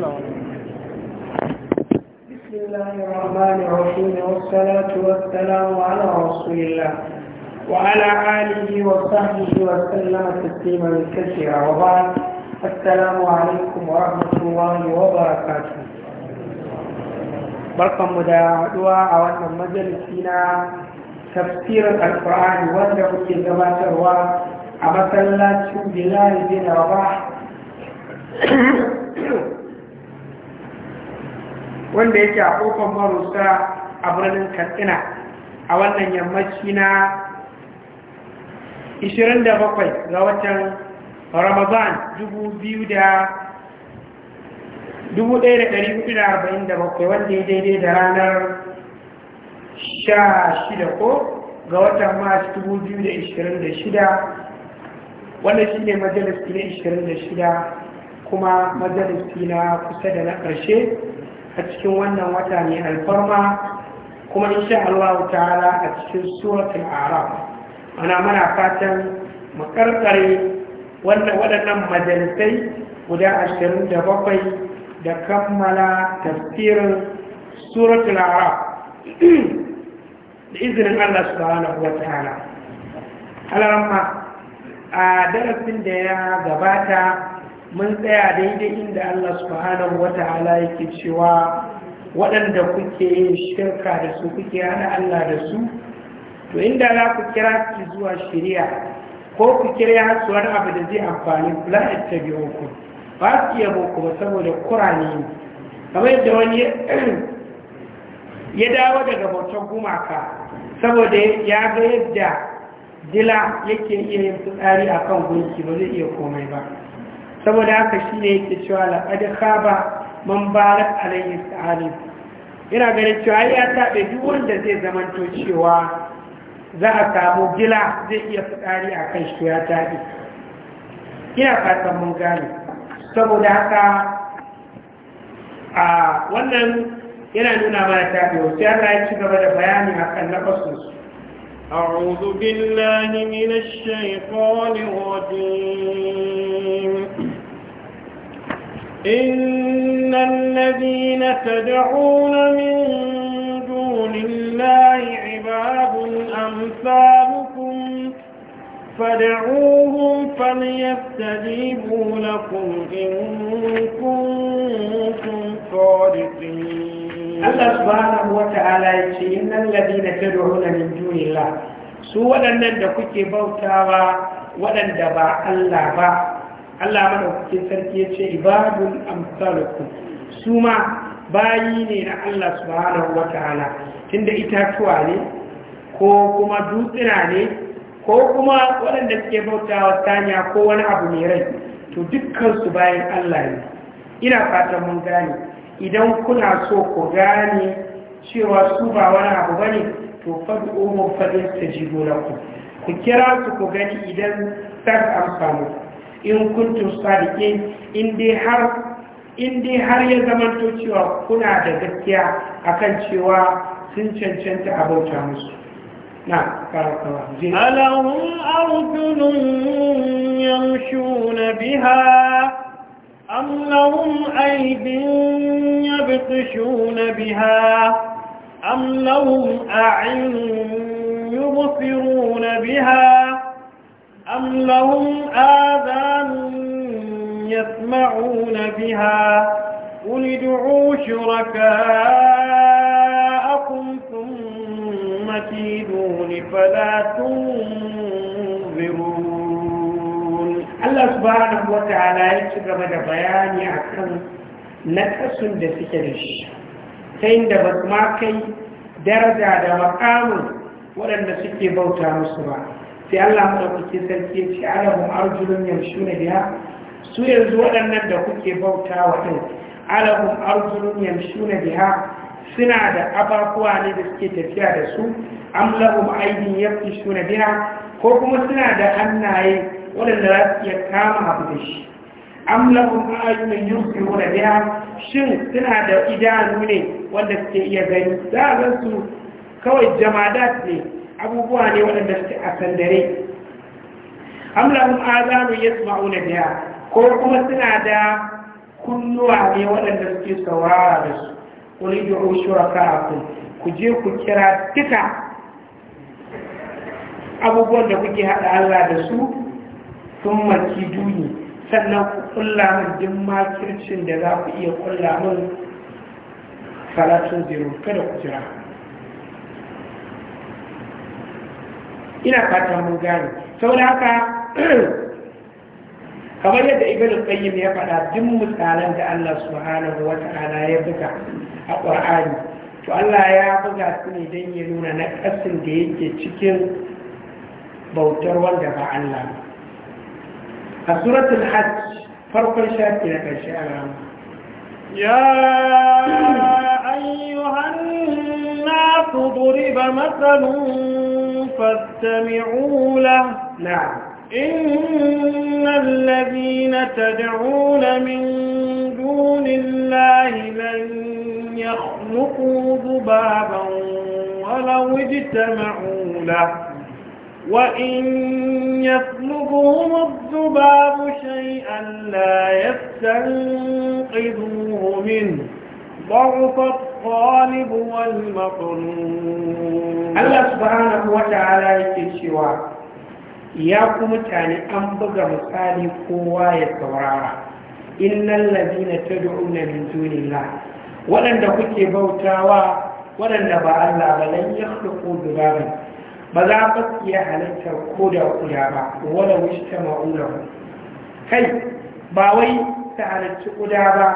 بسم الله الرحمن الرحيم والصلاة والسلام على رسول الله وعلى آله وصحبه وسلم تسليما كثيرا وبعد السلام عليكم ورحمة الله وبركاته barkanmu da haɗuwa a wannan majalisi na tafsirin alkur'ani wanda kuke gabatarwa a masallacin bilal bin rabah wanda yake a kofar marusa a birnin katsina a wannan yammaci na 27 ga watan ramazan 1447 wanda ya daidai da ranar 16 ko ga watan mars 2026 wanda shi ne majalisti na 26 kuma majalisti na kusa da na ƙarshe a cikin wannan wata ne alfarma kuma in sha Allah ta'ala a cikin suratul araf ana mana fatan mu karkare wannan waɗannan majalisai guda ashirin da da kammala tafsirin suratul araf da izinin Allah subhanahu wa ta'ala alamma a darasin da ya gabata mun tsaya daidai inda Allah subhanahu wa ta'ala yake cewa waɗanda kuke yin shirka da su kuke hana Allah da su to inda za ku kira su zuwa shari'a ko ku kira ya su wani abu da zai amfani la ittabi'u ku ba su iya boko ba saboda kurani ne kamar yadda wani ya dawo daga bautan gumaka saboda ya ga yadda dila yake iya yin fitsari akan gunki ba zai iya komai ba saboda haka shi ne yake cewa laƙadi khaba man barak alayhi sa'alim ina ganin cewa ya taɓe duk wanda zai to cewa za a samu gila zai iya fitsari a kan shi ya taɓe ina fatan mun gane saboda haka a wannan yana nuna mana taɓewa sai Allah ya ci gaba da bayani a kan naƙasunsu أعوذ بالله من الشيطان الرجيم إن الذين تدعون من دون الله عباد أمثالكم فدعوهم فليستجيبوا لكم إن كنتم صادقين Allah subhanahu wa ta'ala ya ce innan ladina tad'una min dunillah su waɗannan da kuke bautawa waɗanda ba Allah ba Allah madaukakin sarki ya ce ibadun amsalukum su ma bayi ne na Allah subhanahu wataala tunda itatuwa ne ko kuma dutsina ne ko kuma waɗanda suke bautawa saniya ko wani abu mai rai to dukkan su bayan Allah ne ina fatan mun gane idan kuna so ku gane cewa su ba wani abu bane to fad'u mu fadin ta jibo ku kira su ku gani idan ta amsa muku in kuntum sadiqin in dai har in dai har ya zamanto cewa kuna da gaskiya akan cewa sun cancanta a bauta musu na karakawa alahun arjulun yamshuna biha am lahum aydin yabtishuna biha am lahum a'yun biha أم لهم آذان يسمعون بها قل ادعوا شركاءكم ثم كيدون فلا تنظرون الله سبحانه وتعالى يكتب هذا بياني عن نقص دسكرش فإن دبت ما كي درجة ومقام ولن نسكي بوتا مصرح sai Allah madaukakin sarki ya ce alamun arjulun yamshuna biya su yanzu waɗannan da kuke bauta wa din alahum arjulun yamshuna biha suna da abakuwa ne da suke tafiya da su am lahum aydin na biha ko kuma suna da hannaye waɗanda za su iya kama abu da shi am lahum ayyunun yusiruna biha shin suna da idanu ne wanda suke iya gani za a su kawai jamadat ne abubuwa ne waɗanda suke a sandare amlahum azanu yasma'una daya, ko kuma suna da kunnuwa ne waɗanda suke saurara da su wani qul ud'u shuraka'akum ku je ku kira duka abubuwan da kuke haɗa Allah da su sun maki duni sannan ku kulla min duk makircin da za ku iya kulla min falatun zero kada ku jira ina fata mun gane saboda haka kamar yadda ibnu qayyim ya faɗa duk misalan da Allah subhanahu wata'ala ya buga a qur'ani to Allah ya buga su ne don ya nuna na kasin da yake cikin bautar wanda ba Allah ba a suratul hajj farkon shafi na ƙarshe a ramu Ya ayyuhan nasu duriba مثل فاستمعوا له نعم إن الذين تدعون من دون الله لن يخلقوا ذبابا ولو اجتمعوا له وإن يطلبهم الذباب شيئا لا يستنقذوه منه ضعف الطالب والمطلوب الله سبحانه وتعالى yake cewa ya ku mutane an buga misali kowa ya saurara innal ladina tad'una min dunillah waɗanda kuke bautawa waɗanda ba Allah ba lan yakhluqu dubaran ba za ba iya halittar ko da kuya ba wala wishta ma'ulahu kai ba wai ta halitta ƙuda ba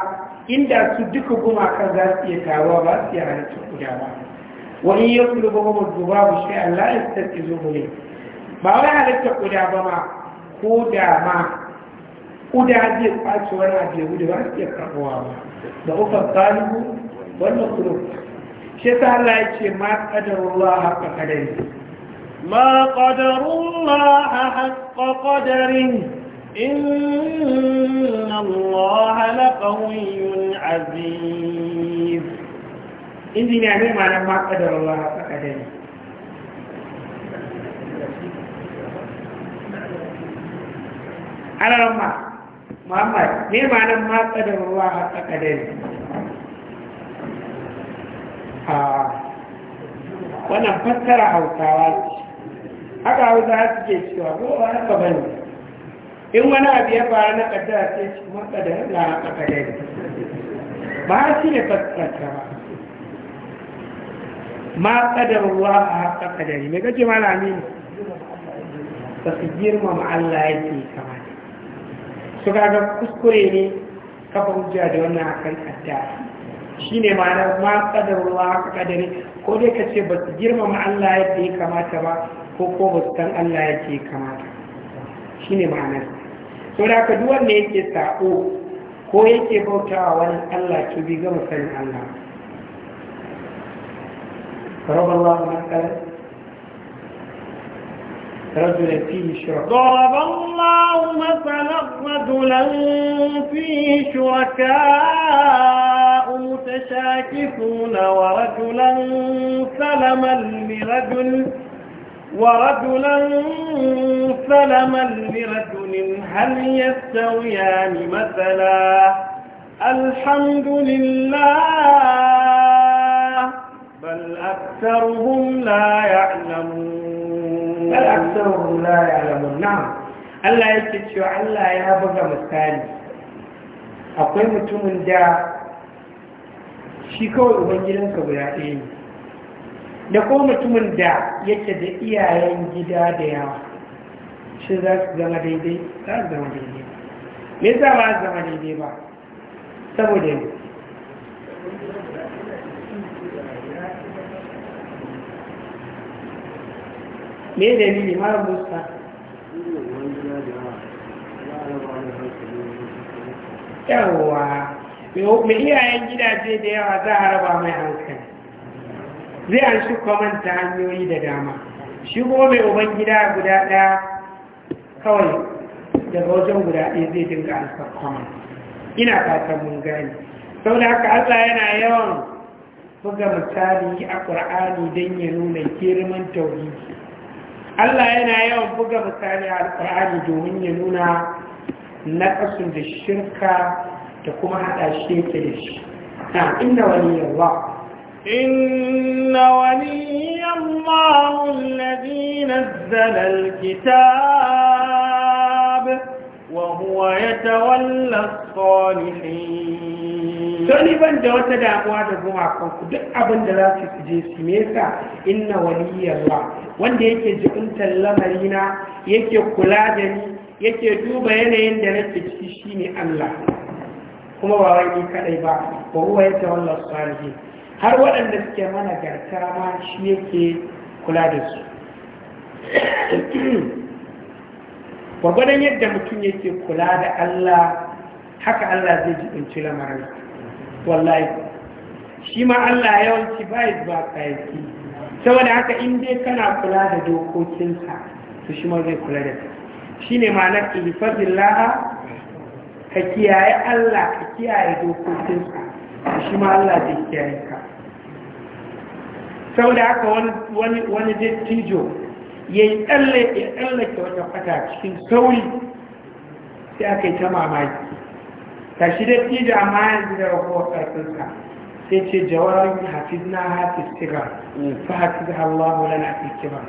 inda su duka gumakan za su iya taruwa ba su iya halittar guda ba wani ya su lubu mu zuba ba shi Allah ya ke zuwa ne ba wai halitta guda ba ma ko da ma kuda zai kwace wani abu ya gudu ba su iya karbuwa ba da ufa talibu wannan kuro shi ta Allah ya ce ma qadarullah haka kadari ma qadarullah haka kadari إن الله لقوي عزيز إذن يعني ما ما قدر الله فقدر على رمى محمد ليه معنى ما قدر الله فقدر wannan fassara hausawa haka hausawa suke cewa ko ba haka bane in wani abu ya faru na kaddara sai shi makadari na makadari ba shi ne fasarta ba ma kadar ruwa a haka kadari mai gaji lami ne ba su girmama Allah ke kama ne su ga kuskure ne kafa hujja da wannan akan kaddara shi ne na ma kadar ruwa haka kadari ko dai ka ce ba su girmama Allah ke kamata ba ko ko ba su san Allah ya ke kamata shi ne ma'anarsa saboda ka duk wanda yake sako ko yake bautawa wani Allah ki bi ga Allah رجلا فيه شركاء ضرب الله مثلا رجلا فيه شركاء متشاكسون ورجلا سلما لرجل ورجلا مثل من لرجل هل يستويان مثلا الحمد لله بل أكثرهم لا يعلمون بل أكثرهم لا يعلمون نعم Allah yake cewa Allah ya buga misali akwai mutumin da shi kawai ubangidansa guda ɗaya ne da ko mutumin da yake da iyayen gida da yawa shi za su zama daidai za su zama daidai me za ba su zama daidai ba saboda ne me da ne mara musa yawwa mai iyayen gidaje da yawa za a raba mai hankali zai an shi kwamanta hanyoyi da dama shi kuma mai uban gida guda ɗaya kawai daga wajen guda ɗaya zai dinga alfa ina fatan mun gani sau da haka allah yana yawan buga misali a ƙur'ani don ya nuna girman tauhidi allah yana yawan buga misali a ƙur'ani domin ya nuna naƙasun da shirka da kuma haɗa shi yake da shi na inda wani yawa إن ولي الله الذي نزل الكتاب ويتولى الصالحين sani ban da wata damuwa da gumakan ku duk abin da za su je su mesa inna waliyallah wanda yake jikuntar lamarina yake kula da ni yake duba yanayin da nake ciki shine Allah kuma ba wai ni kadai ba wa huwa yatawalla salihin har waɗanda suke mana gartara ma shi yake kula da su gwagwadon yadda mutum yake kula da Allah haka Allah zai jibinci lamarin wallahi shi ma Allah yawanci bai ba kayaki saboda haka in dai kana kula da dokokinsa to shi ma zai kula da ta shi ne ma'anar ilfazillaha ka kiyaye Allah ka kiyaye dokokinsa to shi ma Allah zai kiyaye ka saboda haka wani dattijo ya yi tsallake wata fata cikin sauri sai aka yi ta mamaki ta shi da fi da amma yanzu da ƙarfinsa sai ce yi hafi na hafi siga fa hafiz Allah wala na hafi kiba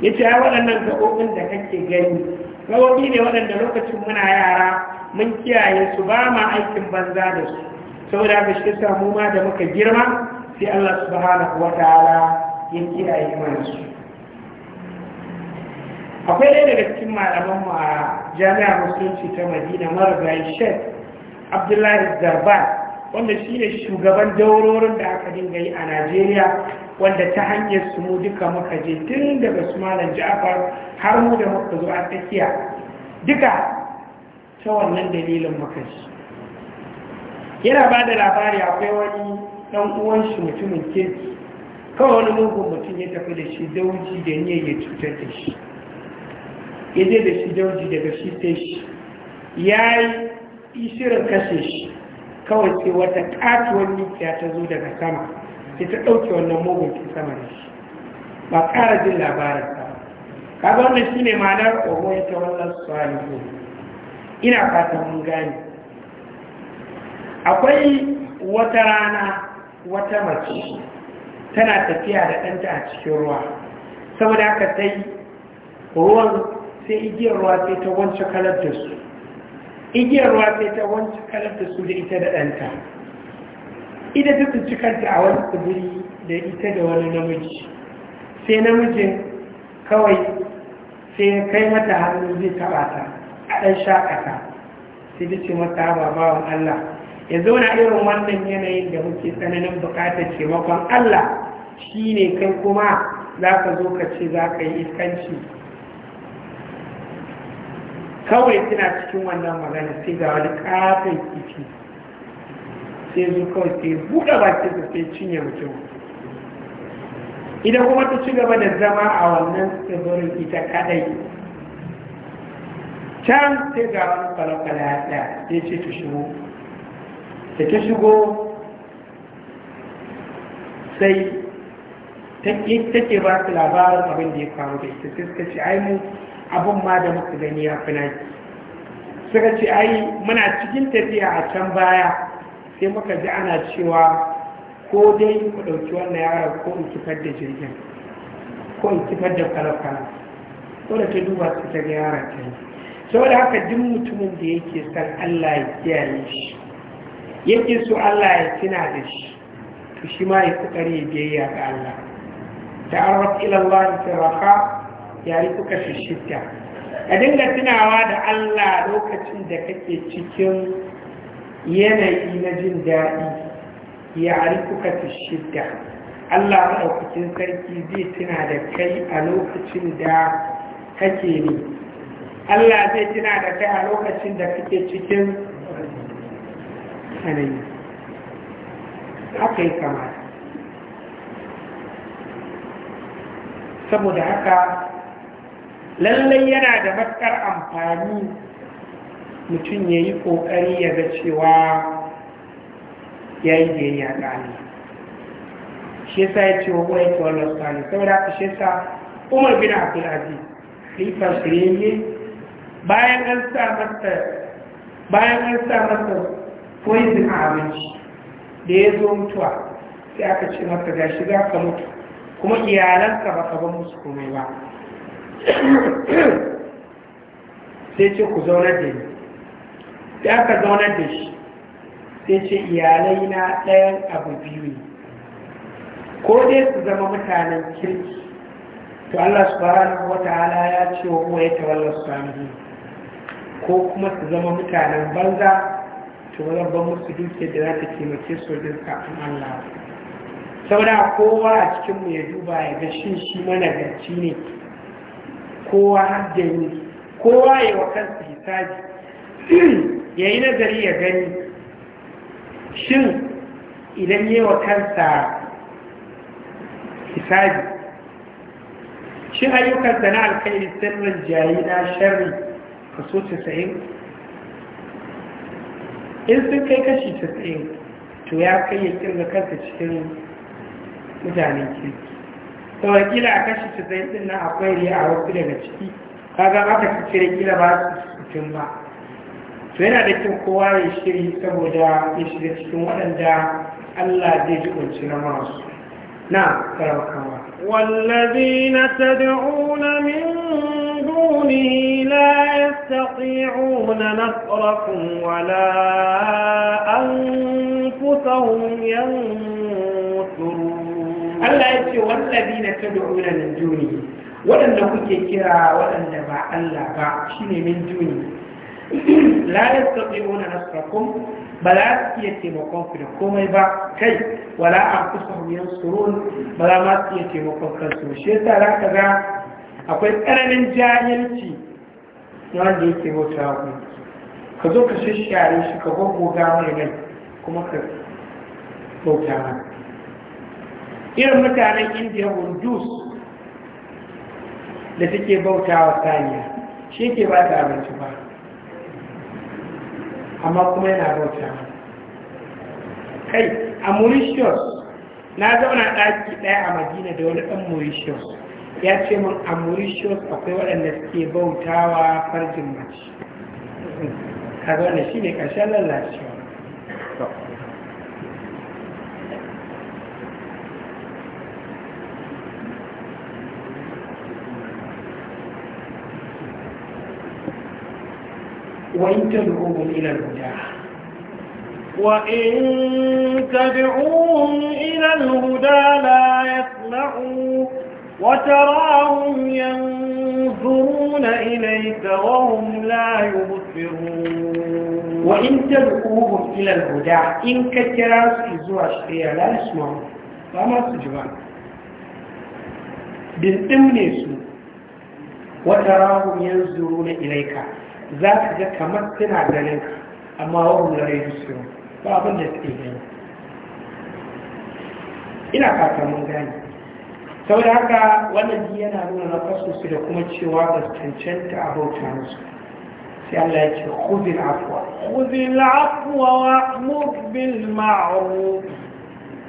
ya ce ai waɗannan gaɓoɓin da kake gani gaɓoɓi ne waɗanda lokacin muna yara mun kiyaye su ba ma aikin banza da su saboda ba shi samu ma da muka girma sai Allah subhanahu wa ta'ala ya kiyaye mana su akwai ɗaya daga cikin malaman mu a jami'ar musulunci ta madina mara marigayi shek abdullahi zarban wanda shi ne shugaban daurorin da aka dinga yi a najeriya wanda ta hanyar su mu duka muka je tun daga su malam ja'afar har mu da muka zo a tsakiya duka ta wannan dalilin muka shi. yana ba da labari akwai wani ɗan uwan shi mutumin kirki kawai wani mugun mutum ya tafi da shi dauji da niyyar ya cutar da shi ya da shi dauji daga shi sai shi ya yi shirin kashe shi kawai sai wata katuwar nikiya ta zo daga sama sai ta ɗauke wannan mugun ta sama da shi ba ƙara jin labarin ba kaga shi shine ma'anar ogoyi ta wannan salihu ina fatan mun gane akwai wata rana wata mace tana tafiya da ɗanta a cikin ruwa saboda haka sai ruwan sai igiyar ruwa sai ta wance kalar da su igiyar ruwa sai ta wance kalar da su da ita da ɗanta ita ta ci kanta a wani tsibiri da ita da wani namiji sai namijin kawai sai kai mata hannu zai taɓa ta a ɗan shaƙata sai ta ce mata ba bawan Allah ya zauna irin wannan yanayin da muke tsananin buƙatar taimakon Allah shi ne kai kuma za ka zo ka ce za ka yi iskanci kawai suna cikin wannan magana sai ga wani kafin kifi sai su kawai sai buɗe bakin su sai cinye mutum idan kuma ta ci gaba da zama a wannan tsibirin ita kadai can sai ga wani kwale ya tsaya sai ce ta shigo da ta shigo sai take ba su labarin abin da ya faru da ita sai suka abin ma da muka gani ya fi naki suka ce ai muna cikin tafiya a can baya sai muka ji ana cewa ko dai ku ɗauki wannan yaron ko in kifar da jirgin ko in kifar da kwalakwala ko da ta duba su ta ga yaron ta yi saboda haka duk mutumin da yake san allah ya kiyaye shi yake so allah ya tuna da shi to shi ma ya fi ƙare biyayya ga allah ta'arraf ila allah ta raka yari kuka shishita ka dinga tunawa da Allah lokacin da kake cikin yanayi na jin daɗi yari kuka shishita Allah maɗaukakin sarki zai tuna da kai a lokacin da kake ne Allah zai tuna da kai a lokacin da kake cikin tsanani haka yi kamata saboda haka lallai yana da matuƙar amfani mutum ya yi ƙoƙari ya ga cewa ya yi da ya ƙani shi yasa ya ce wa ƙwai ta wallo sani saboda haka shi yasa umar bin abdulaziz khalifa shirye bayan an sa masa bayan an sa masa poison a abinci da ya zo mutuwa sai aka ce masa ga shiga ka mutu kuma iyalanka ba ka ba musu komai ba sai ce ku zaunar da ni sai aka zaunar da shi sai ce iyalai na ɗayan abu biyu ne ko dai su zama mutanen kirki to Allah subhanahu wata ta'ala ya ce wa kuma ya tawalla subhanahu ko kuma su zama mutanen banza to wannan ban musu duke da za ta taimake su wajen kafin Allah saboda kowa a cikinmu ya duba ya ga shi shi managarci ne kowa hajja yi kowa ya wa kansa hisabi ya yi nazari ya gani shin idan yi wa kansa hisabi shin da na alkairi sirrin jayi na sharri kaso 90 in sun kai kashi 90 to ya kai ya kirga kansa cikin mutanen kirki saboda kila a kashi casa'in din nan akwai riya a wasu daga ciki kaga aka ci cire kila ba su cikin ba to yana da kyau kowa ya shiri saboda ya shiga cikin waɗanda Allah zai ji kunci na masu na karaukawa والذين تدعون من دونه لا يستطيعون نصركم ولا أنفسهم yanzu. Allah ya ce wallabi na ta da'una min duni waɗanda kuke kira waɗanda ba Allah ba shine min duni la yastati'una nasrakum ba za su iya taimakon ku da komai ba kai wala an kusa wuyan surun ba za ma su iya taimakon kansu shi yasa za ka ga akwai tsananin jahilci wanda yake wata ku ka zo ka shashare shi ka gwaggo mai mai kuma ka bauta mana irin mutanen indiya hundus da suke bauta wa saniya shi ke ba ta abinci ba amma kuma yana bauta kai a mauritius na zauna ɗaki ɗaya a madina da wani ɗan mauritius ya ce min a mauritius akwai waɗanda suke bauta wa farjin mace ka zauna shi ne ƙarshen lalace وإن تدعوهم إلى الهدى وإن تدعوهم إلى الهدى لا يسمعوا وتراهم ينظرون إليك وهم لا يبصرون وإن تدعوهم إلى الهدى إن كتراس إزوى الشريعة لا يسمعوا فما سجبان بالتمنيس وتراهم ينظرون إليك za su ga kamar suna ganin amma wani lalai su ba abin da suke gani ina kakamun mun gani sau da haka wannan ji yana nuna na su da kuma cewa ba su cancanta a bauta musu sai Allah ya ce kuzin afuwa kuzin afuwa wa mubin ma'ruf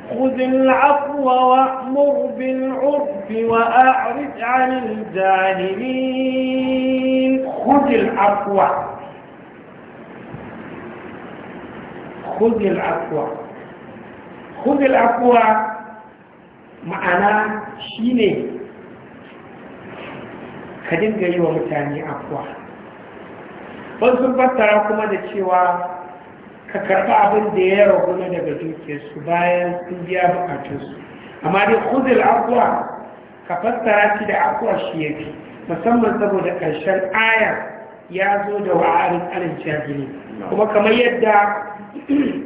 خذ العفو وأمر بالعرف وأعرض عن الجاهلين خذ العفو خذ العفو خذ العفو معنا شيني كدين جايو متاني عفو فالسبب ترى كما دي ka karɓi abin da ya raguna daga dukiyarsu bayan sun biya bukatunsu amma dai kuzil abuwa ka fassara shi da abuwa shi ya fi musamman saboda ƙarshen ayar ya zo da wa'arin alin jahili kuma kamar yadda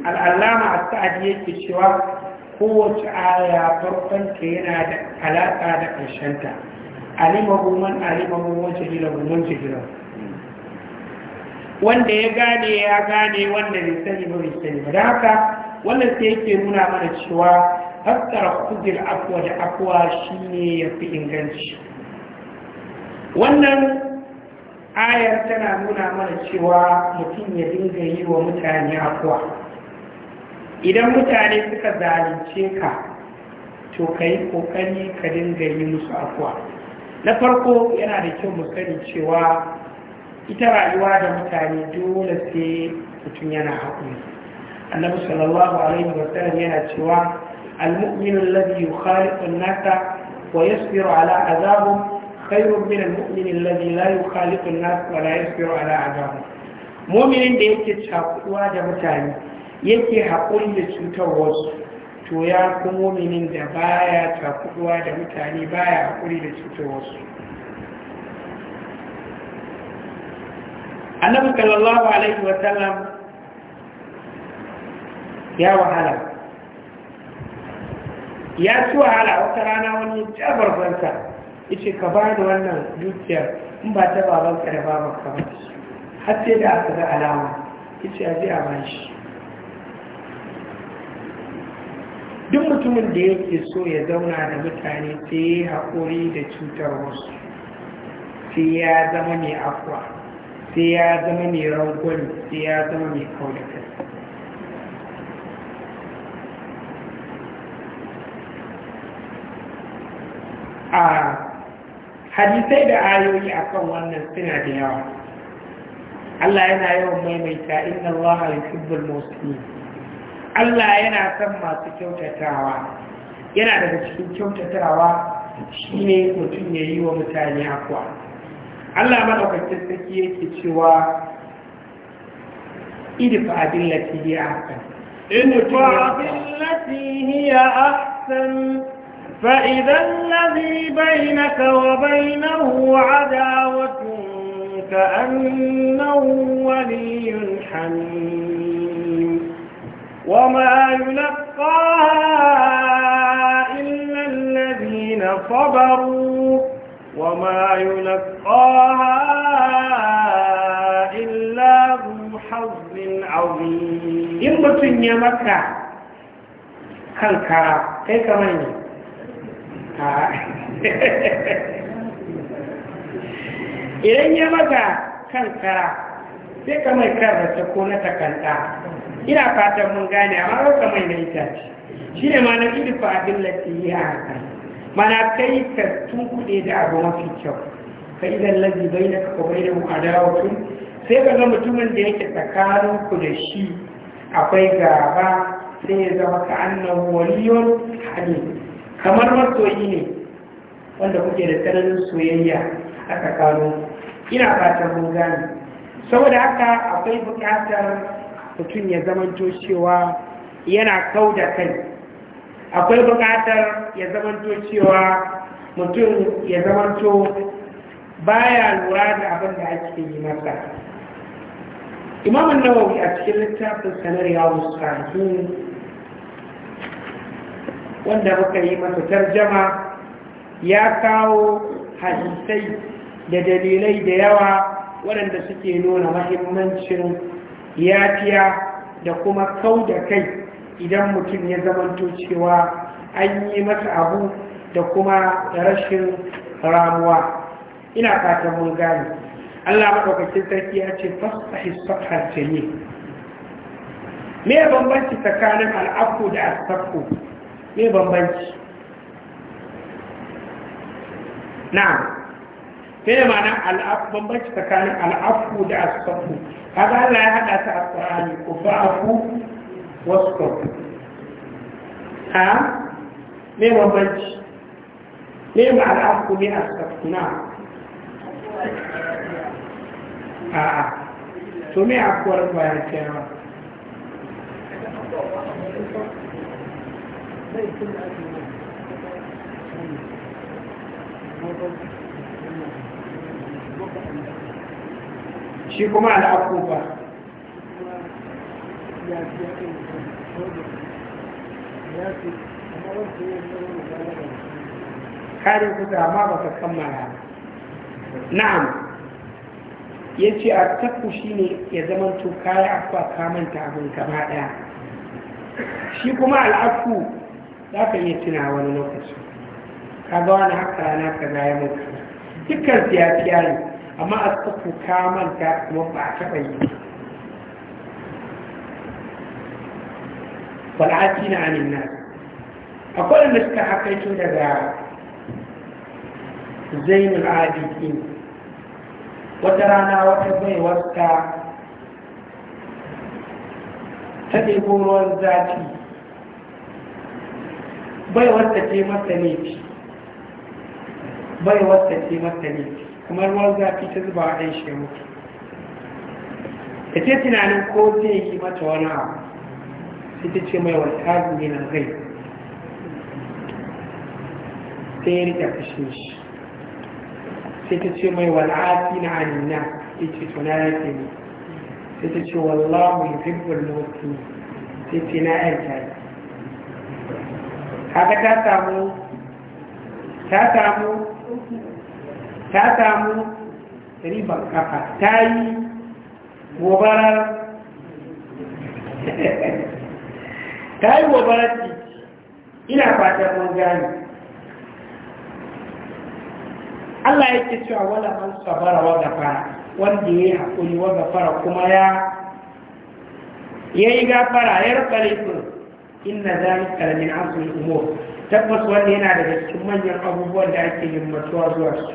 al'allama a sa'adi yake cewa kowace aya farkon ta yana da alaƙa da ƙarshenta alimahu man alimahu wajen ilamu wajen ilamu wanda ya gane ya gane wanda bai sani ba bai sani ba da haka wannan sai yake nuna mana cewa fassara kudin akwa da akwa shine ya fi inganci wannan ayar tana nuna mana cewa mutum ya dinga yi wa mutane akwa idan mutane suka zalunce ka to ka yi kokari ka dinga yi musu akwa na farko yana da kyau mu sani cewa ita rayuwa da mutane dole sai mutum yana haƙuri annabi sallallahu alaihi wa sallam yana cewa Al-muminan المؤمن الذي يخالط الناس ويصبر على عذابهم خير من المؤمن الذي لا Nasa wa ولا يصبر ala عذابهم مؤمن da yake cakuwa da mutane yake haƙuri da cutarwarsu to ya fi muminin da baya cakuwa da mutane baya haƙuri da cutarwarsu annabi sallallahu alaihi wasallam ya wahala ya ci wahala wata rana wani jabar banta yace ka ba da wannan dukiyar in ba ta babanka da babanka ba har sai da aka ga alama yace aje a ba shi duk mutumin da yake so ya zauna da mutane sai ya haƙuri da cutar wasu sai ya zama mai afuwa sai ya zama mai rangwani sai ya zama mai kawai a hadisai da ayoyi akan wannan suna da yawa Allah yana yawan maimaita inna Allah yuhibbul muslimin Allah yana son masu kyautatawa yana daga cikin kyautatawa shine mutum ya yi wa mutane akwa Allah madaukakin sarki yake cewa idfa billati hi ahsan idfa billati hi ahsan fa idan alladhi bainaka wa bainahu adawatun ka'annahu waliyyun hamim وما يلقاها إلا الذين صبروا وما يلقاها إلا ذو حظ عظيم إن متن يا مكة كنكرة كيف كمان idan ya maza kankara sai ka mai karfata ko na takanta ina fatan mun gane amma ka mai na itace shi ne ma na ƙidifa abin lati yi a hankali mana kai ka tunkuɗe da abu mafi kyau Ka idan lazi bai na kafa bai da tun? sai ka ga mutumin da yake tsakanin ku da shi akwai gaba sai ya zama ka annan waliyon hadi kamar masoyi ne wanda kuke da tsananin soyayya a tsakanin ina fatan mun gane saboda haka akwai buƙatar mutum ya zamanto cewa yana kau da kai akwai buƙatar ya zamanto cewa mutum ya zamanto baya lura da abin da ake yi masa imamun nawawi a cikin littafin sanar yawon sarki wanda muka yi masa jama ya kawo hadisai da dalilai da yawa waɗanda suke nuna mahimmancin yafiya da kuma kau da kai idan mutum ya zamanto cewa an yi masa abu da kuma rashin ramuwa ina fatan mun gane Allah madaukakin sarki ya ce fasahi safar jami me ya bambanci tsakanin al'afu da asafu me bambanci na me ya ma'ana bambanci tsakanin al'afu da asafu kaga Allah ya haɗa ta a ƙwarani ku fa'afu Wasu ha me mabanci me ma al'afu ne a sakuna a to me afuwar bayan kenan shi kuma al'afu ba karin kusa ba ka kammala na'am ya ce a takku shi ne ya zamanto kaya akwa kamanta abin gaba ɗaya shi kuma al'afu za ka iya tuna wani lokaci ka ga wani haka rana ka gaya mutu dukkan siyasiya ne amma a takku kamanta kuma ba a taɓa yi wal'ati na anin nan akwai wanda suka hakaito daga zainul abidin wata rana wata baiwarsa ta ɗebo ruwan zafi baiwarsa ce masa laifi baiwarsa ce masa laifi kuma ruwan zafi ta zuba a ɗan shi mutu da ce tunanin ko zai yi mata wani abu ita ce mai wata min al-ghaib sai ya rika kashe shi sai ta ce mai wal'afi na anina ya ce tuna ya ke ne sai ta ce wallahu ya hibbul mutu sai ce na yan tayi haka ta samu ta samu ta samu riban kafa ta yi gobarar ta yi wa barati ina fatan mun gani. Allah yake cewa wala man sabara wa gafara wanda ya yi hakuri wa gafara kuma ya yayi gafara ya rika laifin inna zalika min azmi umur tabbas wanda yana daga cikin manyan abubuwan da ake yin mutuwa zuwa su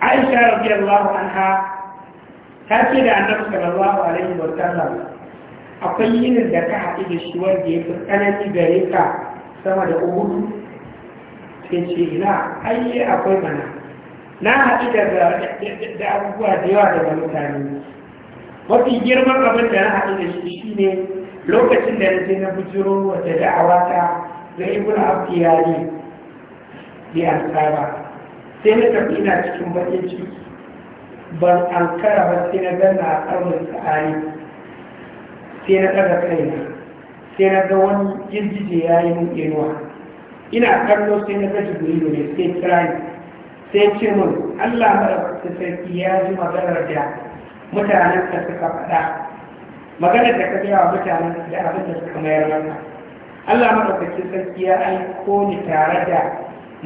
Aisha radiyallahu anha ta ce da Annabi sallallahu alaihi wa sallam akwai yinin da ka haɗu da shi wanda ya fi tsanani gare ka sama da uhudu sai ce ina eh, akwai mana na haɗu da abubuwa da yawa daga mutane mafi girman abin da na haɗu da shi shine lokacin da na je na bujiro wata da'awa ta ga ibn abdiyari bi alkaba sai na tafi na cikin baƙin ciki ban alkara ba sai na gana a ƙarnin sa'ari sai na ɗaga kaina sai na ga wani da ya yi mun inuwa ina kallo sai na ga jibrilu ne sai kira sai ce mun allah maɗaukacin sarki ya ji maganar da mutanen ka suka faɗa maganar da ka gaya wa mutanen da abin da suka mayar maka allah maɗaukacin sarki ya aiko ni tare da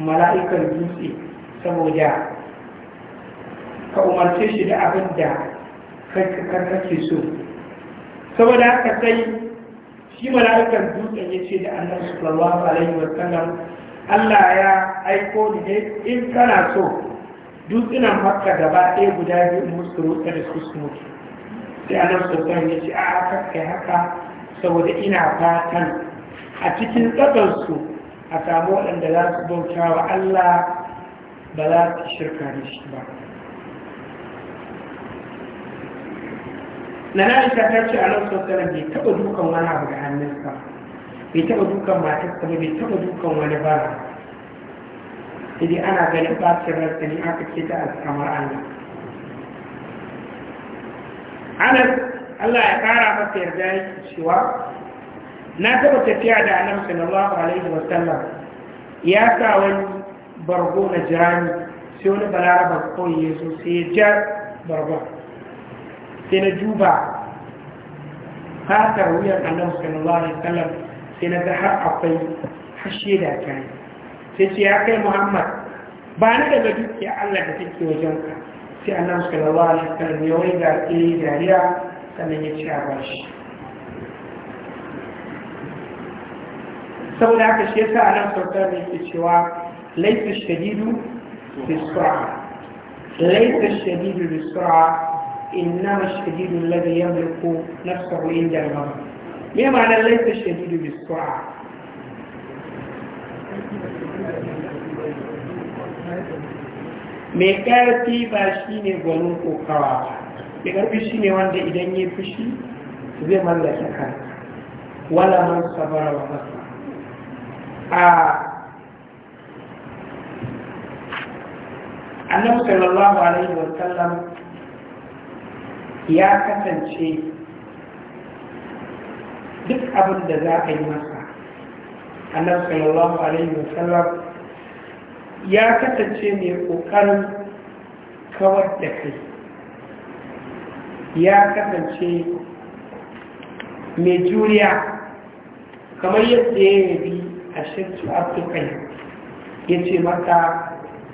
mala'ikan dutse saboda ka umarce shi da abin da kai kake so saboda haka sai shi mala'ikan dutsen ya ce da annabi sallallahu alaihi wa sallam Allah ya aiko ni ne in kana so Dutsunan makka gaba ɗaya guda biyu musu rutsa da su su mutu sai annabi sallallahu alaihi ya ce a'a kai haka saboda ina fatan a cikin tsakansu a samu waɗanda za su bauta wa Allah ba za su shirka da shi ba na na'isha ta ce a nan sosai bai taɓa dukan wani abu da hannunsa bai taɓa dukan matarsa ba bai taɓa dukan wani ba sai ana ganin ɓacin rasa ne aka ce ta kamar Allah Anas Allah ya ƙara masa yarda yake cewa na taɓa tafiya da annabi sallallahu alaihi wa sallam ya sa wani bargo na jirani sai wani balarabar kawai ya zo sai ya ja bargon sai na duba fatar wuyan annabi sallallahu alaihi wasallam sai na ga har akwai hashe da kai sai ce ya kai muhammad ba ni daga dukiya allah da take wajen ka sai annabi sallallahu alaihi wasallam ya wai ga ke dariya sannan ya ci a bashi saboda haka shi yasa annabi sallallahu alaihi wasallam yake cewa laifin shadidu bisura laifin shadidu bisura إنما الشديد الذي يملك نفسه عند المرض ما معنى ليس الشديد بالسرعة mai ƙarfi ba shi ne gwanin kokawa mai ƙarfi shi ne wanda idan ya fushi zai mallake kansa wala man sabara wa masa a annabi sallallahu alaihi wa sallam ya kasance duk abin da za a yi masa annabi sallallahu alaihi wasallam ya kasance mai kokarin kawar da kai ya kasance mai juriya kamar yadda ya yabi a shirci afirka ya ce mata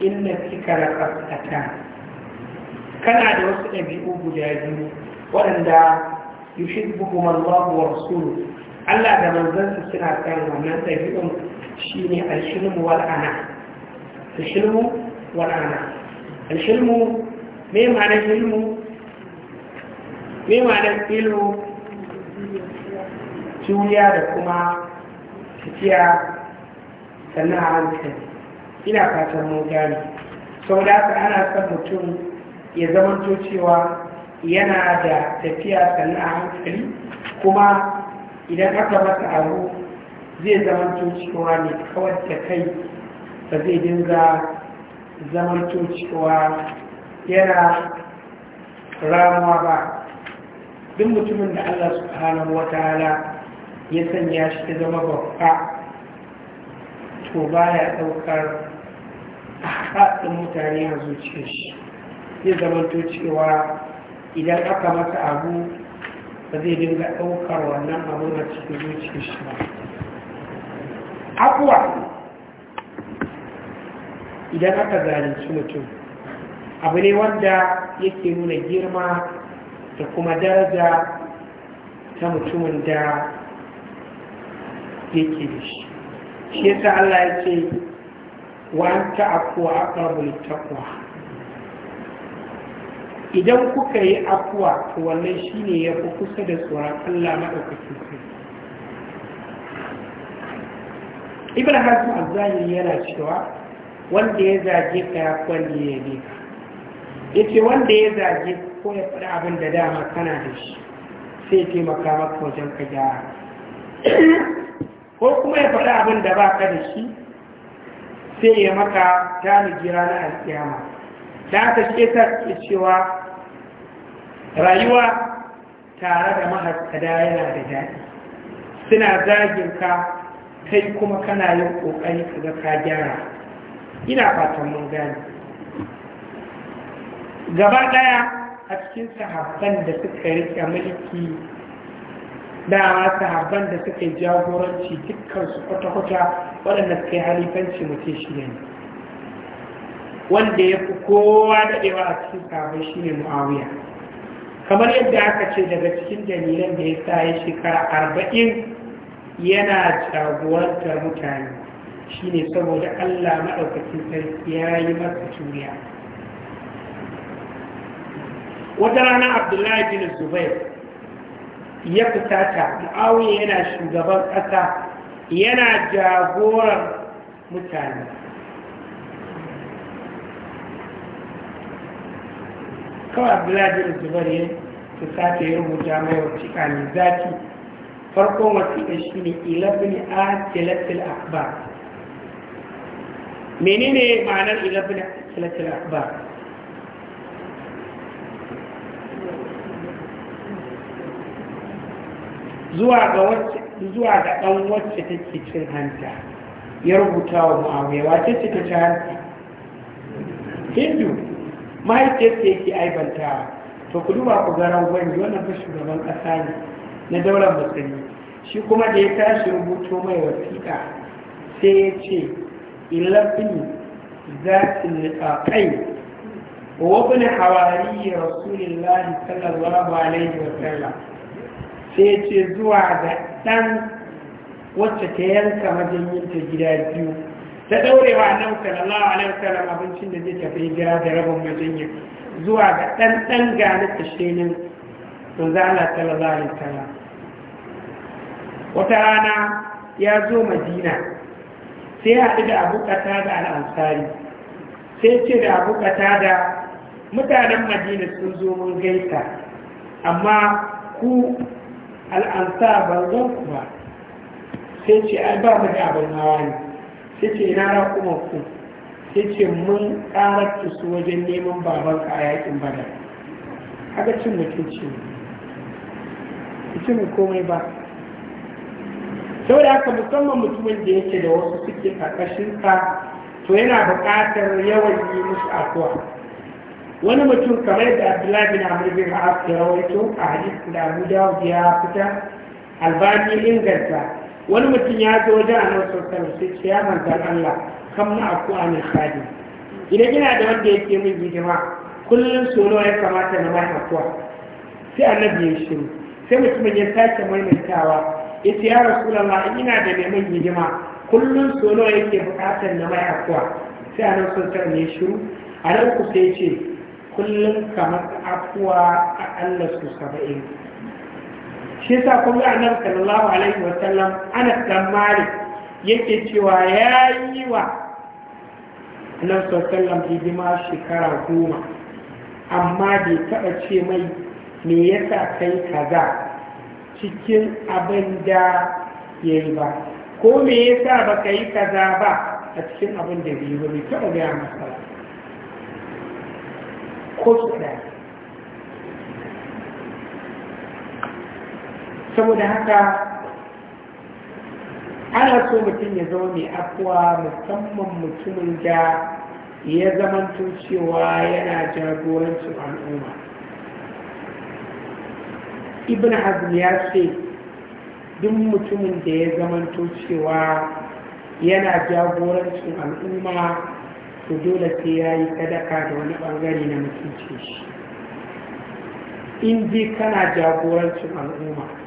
inna kika da ta' kana da wasu ɗabi'u guda biyu waɗanda yuhibbuhum Allah wa su. Allah da manzansa suna kan wannan ɗabi'un shi ne shilmu wal'ana ana wal'ana Alshilmu mai ma'ana al mai me ma'anar ilmu me ilmu juriya da kuma tafiya sannan a hankali ina fatan mun gane sau da ana son mutum ya zamanto cewa yana da tafiya sannu a hankali kuma idan aka masa abu zai zamanto cewa ne kawar da kai ba zai dinga zamanto cewa yana ramuwa ba duk mutumin da allah subhanahu wata ta'ala ya sanya shi ta zama babba to ba ya ɗaukar a haɗin mutane a zuciyar shi zai zamanto cewa idan aka masa abu ba zai dinga ɗaukar wannan abu na cikin zuciyar shi ba abuwa idan aka zalunci mutum abu ne wanda yake nuna girma da kuma daraja ta mutumin da yake da shi shi yasa Allah ya ce wa an ta'afu aqrabul taqwa idan kuka yi afuwa to wannan shine ya fi kusa da tsoron Allah maɗaukakin su. ibn hasan al-zahiri yana cewa wanda ya zage ka ya kwalli ya Ya ce wanda ya zage ko ya faɗi abin da dama kana da shi sai taimaka maka wajen ka gyara ko kuma ya faɗi abin da ba ka da shi sai ya maka taniji ranar alkiyama ta aka ta cewa rayuwa tare da mahaskada yana da daɗi suna zagin ka kai kuma kana yin ƙoƙari ka ga ka gyara ina fatan mun gani gaba ɗaya a cikin sahabban da suka rike mulki dama sahabban da suka yi jagoranci dukkan su kwata-kwata waɗanda suka yi halifanci mutum shi ne wanda ya fi kowa daɗewa a cikin sahabai shi ne mu'awiya kamar yadda aka ce daga cikin dalilan da ya sa ya shekara arba'in yana jagorantar mutane shi ne saboda allah maɗaukacin sarki ya yi masa juriya wata rana abdullahi bin zubair ya fusata mu'awiya yana shugaban ƙasa yana jagorar mutane kawai abdullahi da zubar ya su sake ya rubuta mai wasiƙa mai zafi farkon wasiƙa shi ne ilabin a tilatil akbar menene ma'anar ilabin a tilatil akbar zuwa ga ɗan wacce take cin hanta ya rubuta wa ma'awiyar wacce take cin hanta hindu mahaifiyarsa yake aibantawa to ku duba ku ga rangwani wannan fa shugaban ƙasa ne na daular musulmi shi kuma da ya tashi rubuto mai wasiƙa sai ya ce ilabini za su liƙaƙai wa wani hawari rasulillahi sallallahu alaihi wa sallam sai ya ce zuwa ga ɗan wacce ta yanka majanyinta gida biyu da daurewa annabi sallallahu alaihi wasallam abincin da zai tafi gida da rabon majinya zuwa ga ɗan ɗan gane tashinin manzo Allah sallallahu alaihi wasallam wata rana ya zo madina sai haɗu da abu ƙata da al'ansari sai ce da abu ƙata da mutanen madina sun zo mun gaita amma ku al'ansa ban zan ku ba sai ce ai ba mu da abin hawa ne sai ce ina ra kuma ku sai mun karatu su wajen neman baban ka a yakin badar haka cin mutunci mutumin komai ba saboda haka musamman mutumin da yake da wasu suke ƙarƙashin ka, to yana bukatar yawan yi musu afuwa wani mutum kamar da abdullahi bin amr bin ya rawaito a hadisin da abu dawud ya fita albani inganta wani mutum ya zo wajen a nan alaihi sai ce ya manta Allah kam na aku an khadi idan ina da wanda yake min hidima kullum solo ya kamata na mai akuwa sai annabi ya shiru sai mutumin ya sake maimaitawa ya ce ya rasulallah ina da mai min hidima kullum solo yake bukatar na mai akuwa sai a nan alaihi ya shiru a nan ku sai ce kullum kamar kuwa a Allah su saba'in shi yasa kuma annabi sallallahu alaihi wa sallam Anas dan Malik yake cewa yayi wa annabi sallallahu alaihi wa sallam hidima shekara goma amma bai taba ce mai me yasa kai kaza cikin abin da ya yi ba ko me yasa ba ka yi kaza ba a cikin abin da bai yi ba bai taɓa gaya masa ko saboda haka ana so mutum ya zama mai afuwa musamman mutumin da ya zamanto cewa yana jagorancin al'umma ibn hazm ya ce duk mutumin da ya zamanto cewa yana jagorancin al'umma to dole sai ya yi sadaka da wani bangare na mutunci shi in kana jagorancin al'umma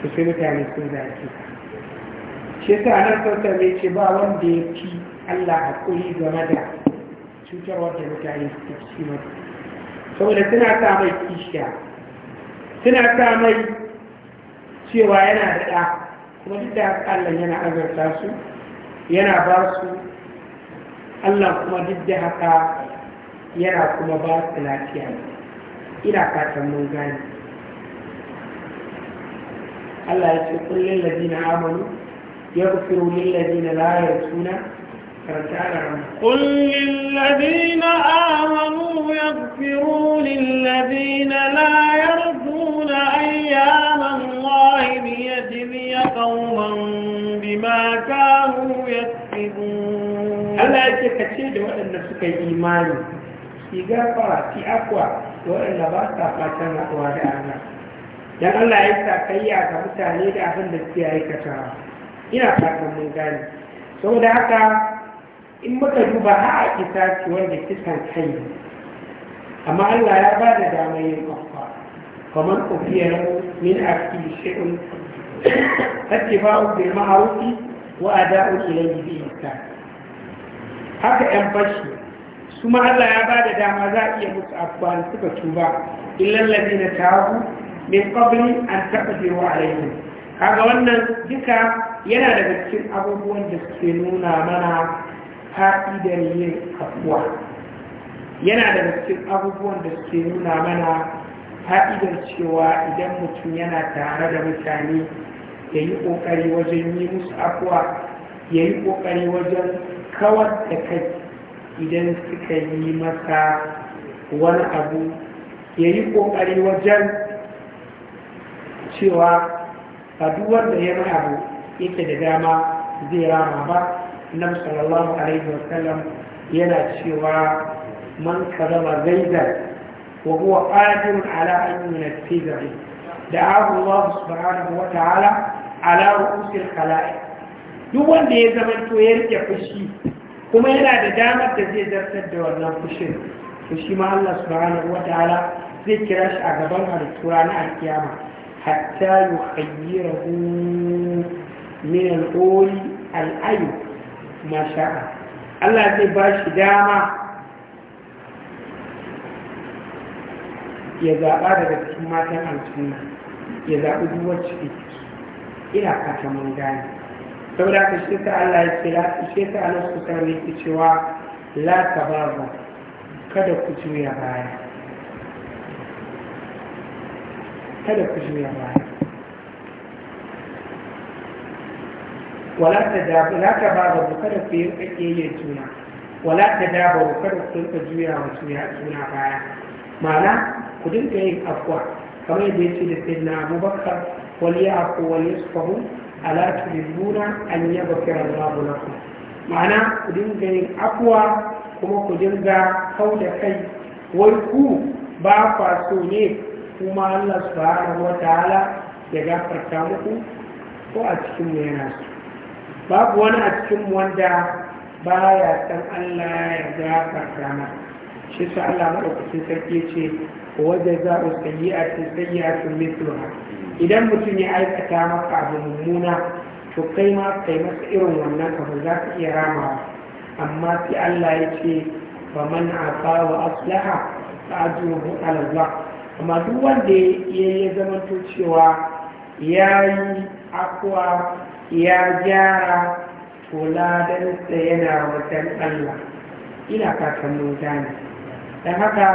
su sai mutane sun zaki shi yasa nan sautar mai ce ba wanda ya fi Allah hakuri game da cutarwar da mutane su ta ci mata saboda suna sa mai kishiya suna sa mai cewa yana da ɗa kuma duk da Allah yana azarta su yana ba su Allah kuma duk da haka yana kuma ba su lafiya ina fatan mun gani الله ya للذين آمنوا lazina يغفر للذين لا يرجون قل للذين آمنوا يغفروا للذين لا يرجون أيام الله ليجزي قوما بما كانوا يكسبون ألا يتكتشد وأن نفسك إيمان في قرأت في أقوى وأن لا باتا فاتنا وعلى أعناك dan Allah ya sa kayya ga mutane da abin da suke aikata ina fatan mun gane saboda haka in muka duba ha a kisa ce wanda kisan kai amma Allah ya ba da damar yin kwakwa kamar kofiyar min a aski shi'un tattiba'u bil ma'rufi wa ada'u ilayhi bi ihsan haka yan bashi su ma Allah ya ba da dama za a iya musu afwan suka tuba illal ladina tabu min qabli an taɓa taqdiru alayhi kaga wannan duka yana daga cikin abubuwan da suke nuna mana fa'idar yin afuwa yana daga cikin abubuwan da suke nuna mana fa'idar cewa idan mutum yana tare da mutane ya yi ƙoƙari wajen yi musu afuwa ya yi ƙoƙari wajen kawar da kai idan suka yi masa wani abu ya yi ƙoƙari wajen cewa ba duk wanda ya mai abu yake da dama zai rama ba nan sallallahu alaihi wasallam yana cewa man karama zaidan wa huwa qadirun ala an yunfizahu da abubuwan Allah subhanahu wa ta'ala ala ru'usil khala'iq duk wanda ya zama to ya rike fushi kuma yana da damar da zai zartar da wannan fushin Fushi shi ma Allah subhanahu wa ta'ala zai kira shi a gaban halittu na alkiyama hatta yukhayyirahu min al-qawli al-ayy Allah zai bashi dama ya zaɓa daga cikin matan aljanna ya zaɓi duk wacce take ina fata mun gane saboda ka shi ta Allah ya ce shi ta Allah su ta yake cewa la ba kada ku juya baya kada ku juya baya wala ta da wala ta ba ba kada ku yi kakkiyayen juna wala ta da ba kada ku rinka juya wa juna baya mana ku dinga yin afwa kamar yadda yake da sai na abubakar wani ya aku su yusfahu ala tuhibbuna an yaghfira Allahu lakum ma'ana ku dinga yin afwa kuma ku dinga kau da kai wai ku ba kwa so ne kuma Allah subhanahu wa ta'ala ya gafarta muku ko a cikin mu yana su babu wani a cikin wanda baya san Allah ya gafarta masa shi sa Allah madaukakin sarki ce wajen za a sayyi'atin sayyi'atin misluha idan mutum ya aikata maka abu mummuna to kai ma kai masa irin wannan abu za ka iya ramawa amma sai Allah ya ce fa man afa wa aslaha fa ajruhu ala Allah amma duk wanda ya yi zamanto cewa ya yi akwa ya gyara to da yana wajen allah ina kakan mun ne. don haka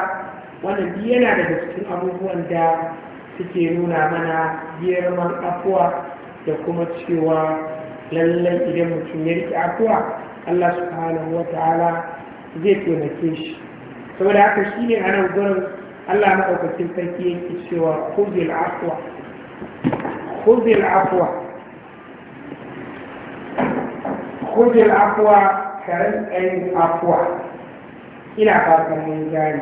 wannan biyu yana daga cikin abubuwan da suke nuna mana girman afuwa da kuma cewa lallai idan mutum ya riƙe afuwa allah subhanahu wa ta'ala zai taimake shi saboda haka shi ne a nan gurin Allah maɗaukacin sarki yake cewa kuzil afwa kuzil afwa kuzil afwa karin tsayin afwa ina fatan mun gani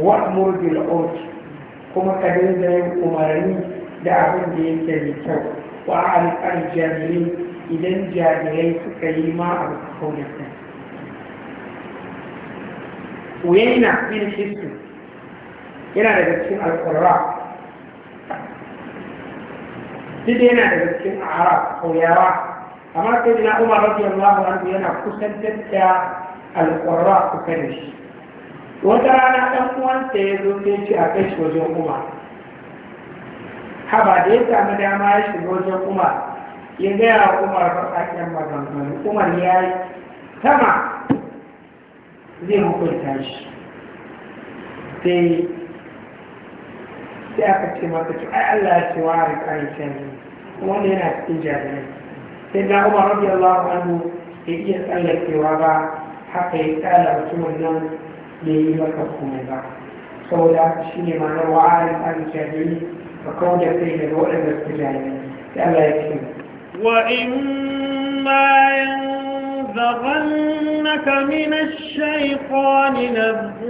wa'mur bil urf kuma ka dinga yin umarni da abin da yake da kyau wa alƙar jami'in idan jami'ai suka yi ma a kawai Uyaina bin su. yana daga cikin alƙurra duk yana daga cikin ara kauyawa amma sai na umar radiyallahu anhu yana kusantar da alƙurra kusa da shi wata rana ɗan uwansa ya zo sai ce a kai shi wajen umar haba da ya sami dama ya shiga wajen umar ya gaya wa umar baƙaƙen maganganu umar ya yi sama zai hukunta shi sai sai aka ce masa to ai Allah ya ce wa a riƙa kuma wanda yana cikin jahilai sai na umar rabi Allah anhu ya iya tsallakewa ba haka ya tsala mutumin nan ya yi maka komai ba saboda haka shi ne ma na wa'arin an jahili ka kawo da kai daga waɗanda suka jahilai sai Allah ya ce وإما ينزغنك من الشيطان نزغ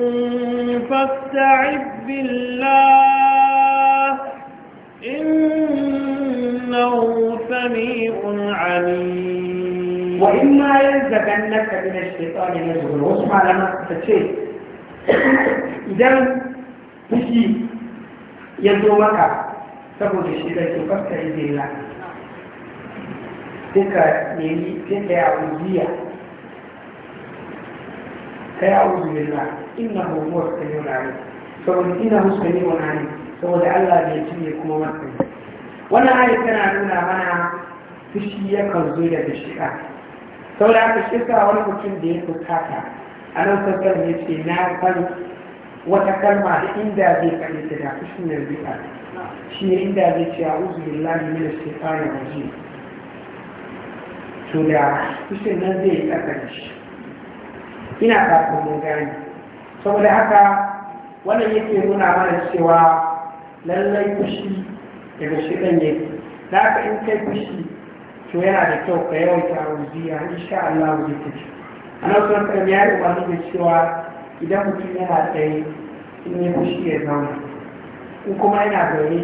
فاستعذ بالله wa in ma yanzaganaka min ash-shaytani nazghun wasu malama ta ce idan fushi ya zo maka saboda shi da ke fasta yi zai lana sai ka nemi sai ka yi auziya ka yi auziyarwa ina homo ta yi wani saboda ina ta yi wani saboda allah ne cinye kuma matsayi wannan ayi na nuna mana fushi yakan zo daga shiga saboda haka shi sa wani mutum da ya fuskata a nan sassan ya ce na san wata kalma da inda zai faɗi ta da fushin nan zika shi ne inda zai ce a uzu billahi mina fara waje to da fushin nan zai yi ƙasa shi ina fatan mun gani saboda haka wannan yake nuna mana cewa lallai kushi daga shi ɗan yake za ka in kai fushi to yana da kyau ka yawaita auziya sha Allah zai ta ce a nan sun karam ya yi umarni da cewa idan mutum yana tsaye in yi fushi ya zauna in kuma yana zaune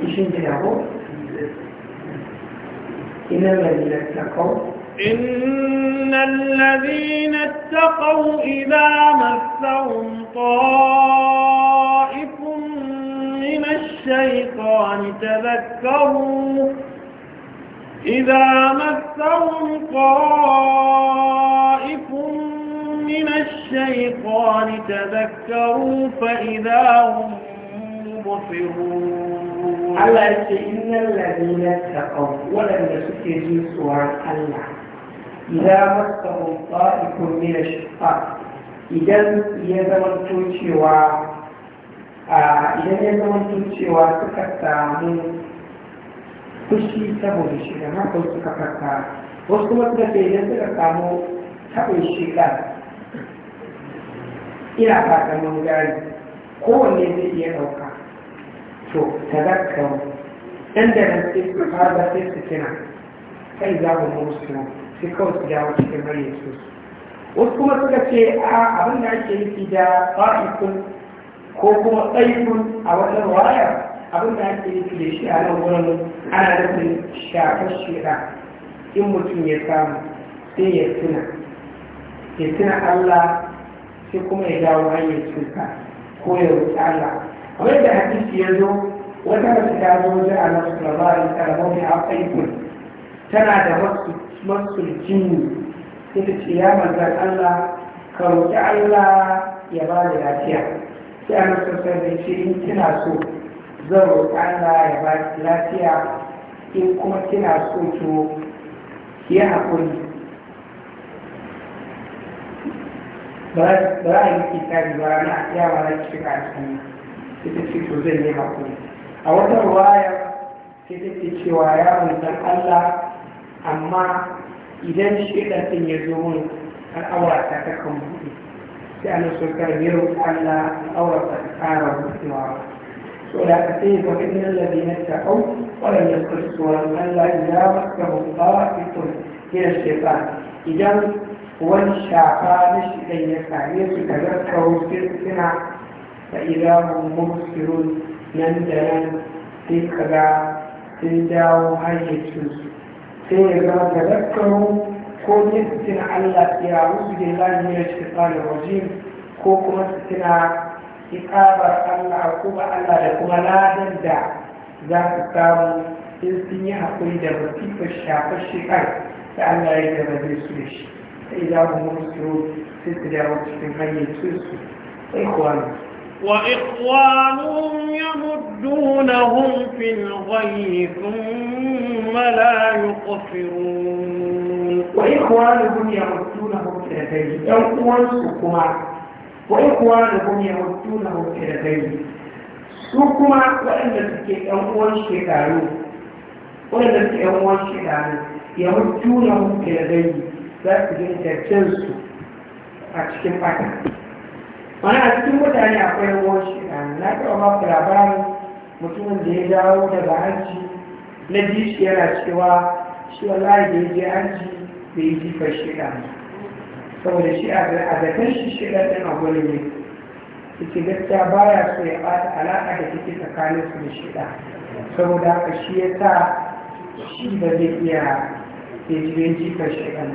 kishin gida ko إن الذين اتقوا إن الذين اتقوا إذا مسهم طائف الشيطان تذكروا إذا مسهم طائف من الشيطان تذكروا فإذا هم مبصرون على إن الذين اتقوا ولم يسكروا سوى الله إذا مسهم طائف من الشيطان إذا يزمن توشي idan ya zama cewa suka samu fushi saboda shiga na kawai suka farka wasu kuma suka ce idan suka samu taɓin shiga ina fatan mun gari kowanne zai iya ɗauka to ta zakkawa ɗan da nan sai su fara sai su tuna kai za mu musu sai kawai su dawo cikin har su wasu kuma suka ce a abin da ake nufi da ba'ikun ko kuma tsaikun a wannan waya abin da ake yi da shi a nan wurin ana nufin shafar shida in mutum ya samu sai ya tuna ya tuna Allah sai kuma ya dawo hanyar cuta ko ya wuce Allah kamar da hadisi ya zo wata mace ta zo wajen Allah sallallahu alaihi wasallam mai afaikun tana da jini sai ta ce ya manzan Allah ka roƙi Allah ya ba da lafiya sai a nan ce in kina so zan roƙa Allah ya ba lafiya in kuma kina so to ki haƙuri ba za a yi da ba na a yawa na cikin alfani ita ce to zan yi haƙuri a wata ruwaya sai ce cewa ya dan Allah amma idan shi ɗan ya zo mun al'aura ta kan buɗe sai ana so ka yi roƙi Allah aura ta ƙara mutuwa so da ka sai ba kan nan lalle na ta au wala ya kursuwa Allah ya maka bukara fitun kira shefa idan wani shafa na shi ɗan ya kare su ka zarta wasu suna fa idan mumsirun nan da nan sai ka ga sun dawo hayyacinsu sai ya ga zarta wasu ko ne su tuna Allah ya wuzu da lani ne shi tsarin rajim ko kuma su tuna ikabar Allah ko ba Allah da kuma ladan da za su samu in sun yi haƙuri da masifar shafar shekar da Allah ya jarrabe su da shi sai za mu musu sai su dawo cikin hanyar su su sai kuwa وإخوانهم يمدونهم في الغي ثم لا يقصرون wa ikwanuhum yamuddunahum ila ghayri yan uwansu kuma wa ikwanuhum yamuddunahum ila ghayri su kuma waɗanda suke yan uwan shekaru waɗanda suke yan uwan shekaru yamuddunahum ila za su a cikin wani a cikin mutane akwai yan uwan shekaru na taɓa labarin mutumin da ya dawo daga hajji na ji shi yana cewa shi wallahi da ya je hajji da yi jifar shida saboda shi a zaton shi shida ɗin a gwani ne yake gaskiya ya so ya ɓata alaƙa da take tsakanin su da shida saboda haka shi ya sa shi ba zai iya tejirin jifar shida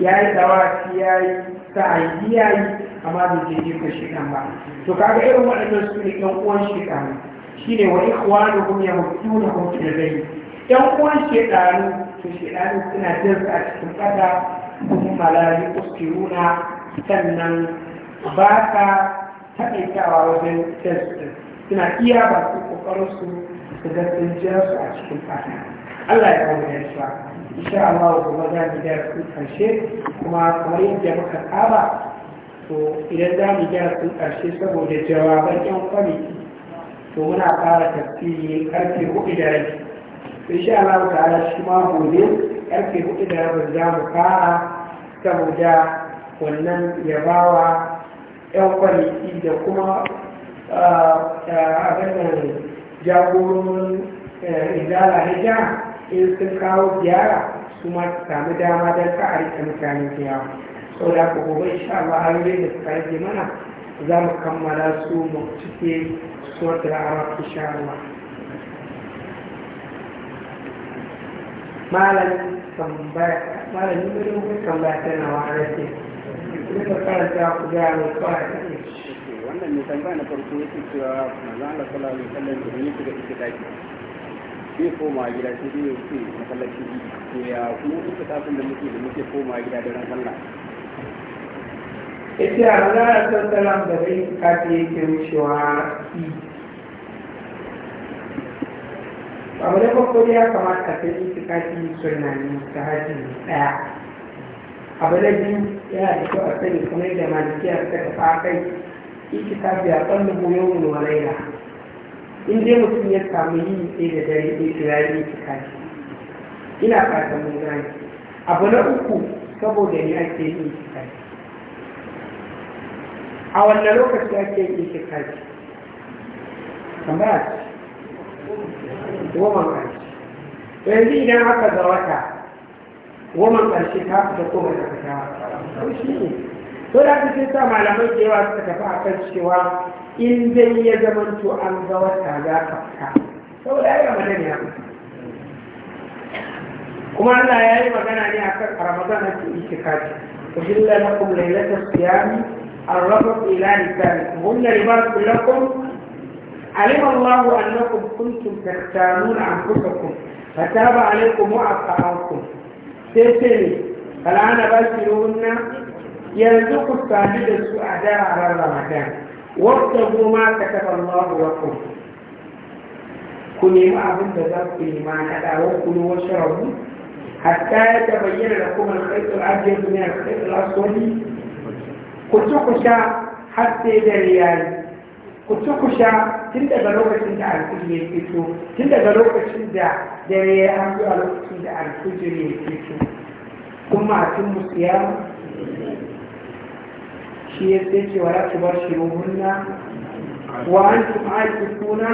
ya yi dawaki ya yi sa'ayi ya yi amma bai je jifar shida ba to kaga irin waɗannan su ne ɗan uwan shida shine wa ikhwanuhum yamutunahum fil ghayb yan uwan shedanu to shedanu suna jin a cikin kada kuma malayi uskiruna sannan ba ka taƙaitawa wajen testin suna iya ba su ƙoƙarinsu su ga sun su a cikin kada Allah ya kawo da shi insha Allah kuma za mu da su karshe kuma kamar yadda muka saba to idan za mu gyara sun ƙarshe saboda jawaban 'yan kwamiti to muna fara tafiye karfe hudu da rai. insha Allah ta'ala shi ma gobe karfe hudu da rabin za mu fara saboda wannan yabawa yan kwaliki da kuma a nan jagoron e, izala na ja in sun kawo ziyara su ma sami dama don ka mutane da yawa sau da ku gobe insha Allah yi da suka yi mana za mu kammala su mu cike da arab sha Allah Malamin tambaya malam tambaya ta na wa rashi karanta ku ga wannan mai tambaya na farko yake cewa manzo Allah sallallahu alaihi wasallam da ni kuka ita daki sai koma gida sai dai yake masallaci to ya kuma kuka tafin da muke da muke koma gida da ran sallah ita Allah sallallahu alaihi wasallam da bai kafi yake wucewa abu da farko da ya kamata a san itikafi sunna ne ta haji daya abu na biyu yana da kyau a sani kamar da malikiya suka tafi a kai itikafi a tsallu goyon mu walaila in dai mutum ya samu yi sai da dare ɗaya to ya yi itikafi ina fata mun gane abu na uku saboda ni ake yi itikafi a wannan lokaci ake yi itikafi kamar goma ƙarshe yanzu idan aka ga wata goma ƙarshe ta fi ko ba ta fita So shi ne to da aka sa malamai da yawa suka tafi akan cewa in dai ya zama to an ga wata za ka fita saboda ai ramadan ya fita kuma Allah ya yi magana ne a akan ramadan na itikafi أحل لكم ليلة الصيام الرفض إلى نسائكم هن لباس لكم علم الله أنكم كنتم تختارون أنفسكم فتاب عليكم وعفى عنكم سيسيني فالآن باشرون يرزق الساجد السعداء على رمضان واكتبوا ما كتب الله لكم كل ما أبن بذلك ما ألا وكلوا واشربوا حتى يتبين لكم الخيط الأبيض من الخيط الأسود كنت قشا حتى إذا ku ci ku sha tun daga lokacin da alfijir ya fito tun daga lokacin da dare ya hanzu a lokacin da alfijir ya fito kuma a tun musiya shi ya sai cewa ya ci bar shi ruhunna wa an tun aiki suna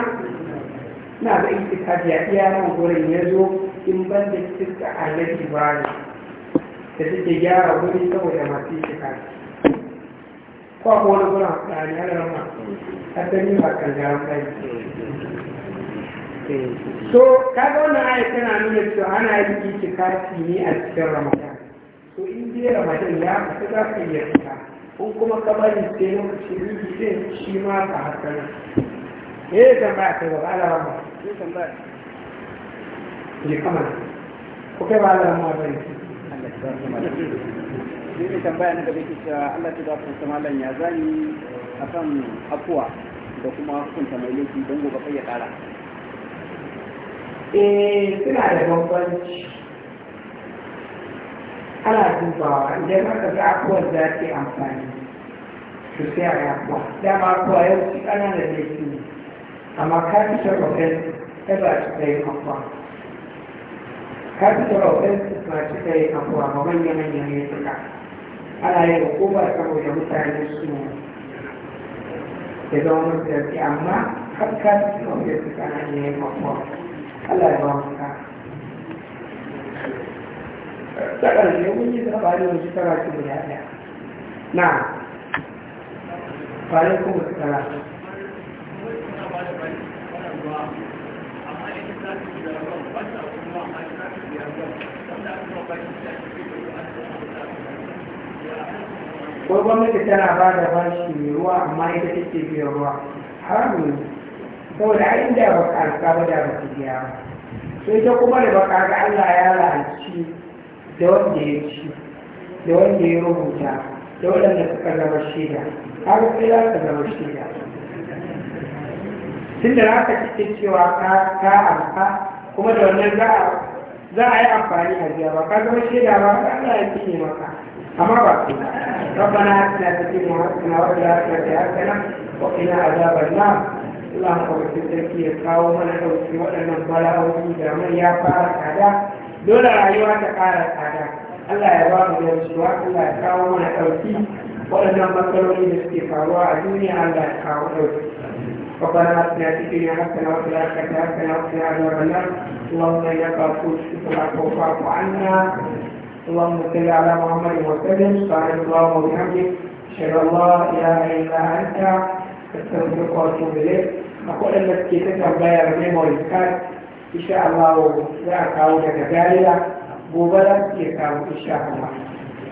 na da ita biya iya nan wurin ya zo in ban da cikin ba ibrahim da suke gyara wuri saboda masu shi kafi ko ko wani gurin a ne ana rama asali ba kanjaran bai so kaga wannan ayat tana nuna cewa ana yi yin itikafi ne a cikin ramadan So in dai ramadan ya fita za ka iya fita kun kuma ka bari sai lokacin rubi din shi ma ka hasana eh tambaya ta gaba ala rama eh tambaya ji kamar ko kai ba ala rama bane Ni ne tambaya na gaba ke cewa Allah ta zafi ta malam ya zani a kan afuwa da kuma hukunta mai laifi don gobe kai ya ƙara. Eh suna da bambanci. Ana dubawa idan aka ga afuwar za ta yi amfani. su sai a yakuwa Dama afuwa yau shi ƙananan laifi ne. Amma ka fi shan ta ba shi ɗaya afuwa. Ka fi shan rafin ma shi ɗaya afuwa ma manya-manya ne suka. ana yin hukumar saboda mutane su ya zama fi amma kakka su wanda su kana ne mafuwa Allah ya ba ka ta ƙarshe mun yi zaba da wasu su guda ɗaya na farin kuma su su ko gwamnati tana ba da bashi mai ruwa amma ita take biyan ruwa Har ne saboda a inda ba ka alka ba da ba ta biya ba sai ta kuma da baka ga Allah ya lalaci da wanda ya ci da wanda ya rubuta da waɗanda suka zama shaida har sai za ka zama shaida tunda za ka cikin cewa ka alka kuma da wannan za a yi amfani a biya ba ka zama shaida ba Allah ya cinye maka أمر ربنا آتنا في مرتنا ولا تجعلنا وقنا عذاب النار اللهم اغفر لنا قومنا وسمعنا بلاء وإذا من يفعل هذا دول رأيوة تقال هذا Allah ya ba mu gamsuwa Allah ya kawo mana ɗauki waɗannan matsaloli da suke faruwa a duniya Allah ya kawo ɗauki ربنا اتنا في الدنيا حسنه وفي الاخره حسنه وقنا عذاب النار اللهم انك غفور شكرا فاعف عنا اللهم صل على محمد وسلم صلى الله عليه وسلم الله لا إله الا أنت استغفرك واتوب إليك أقول لك كيف تربي رحمه ويذكر إن شاء الله لا تعود كذلك بوبلا كيف إن شاء الله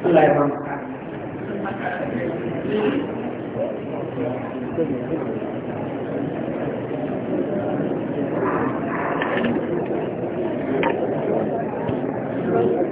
الله يبارك Thank you.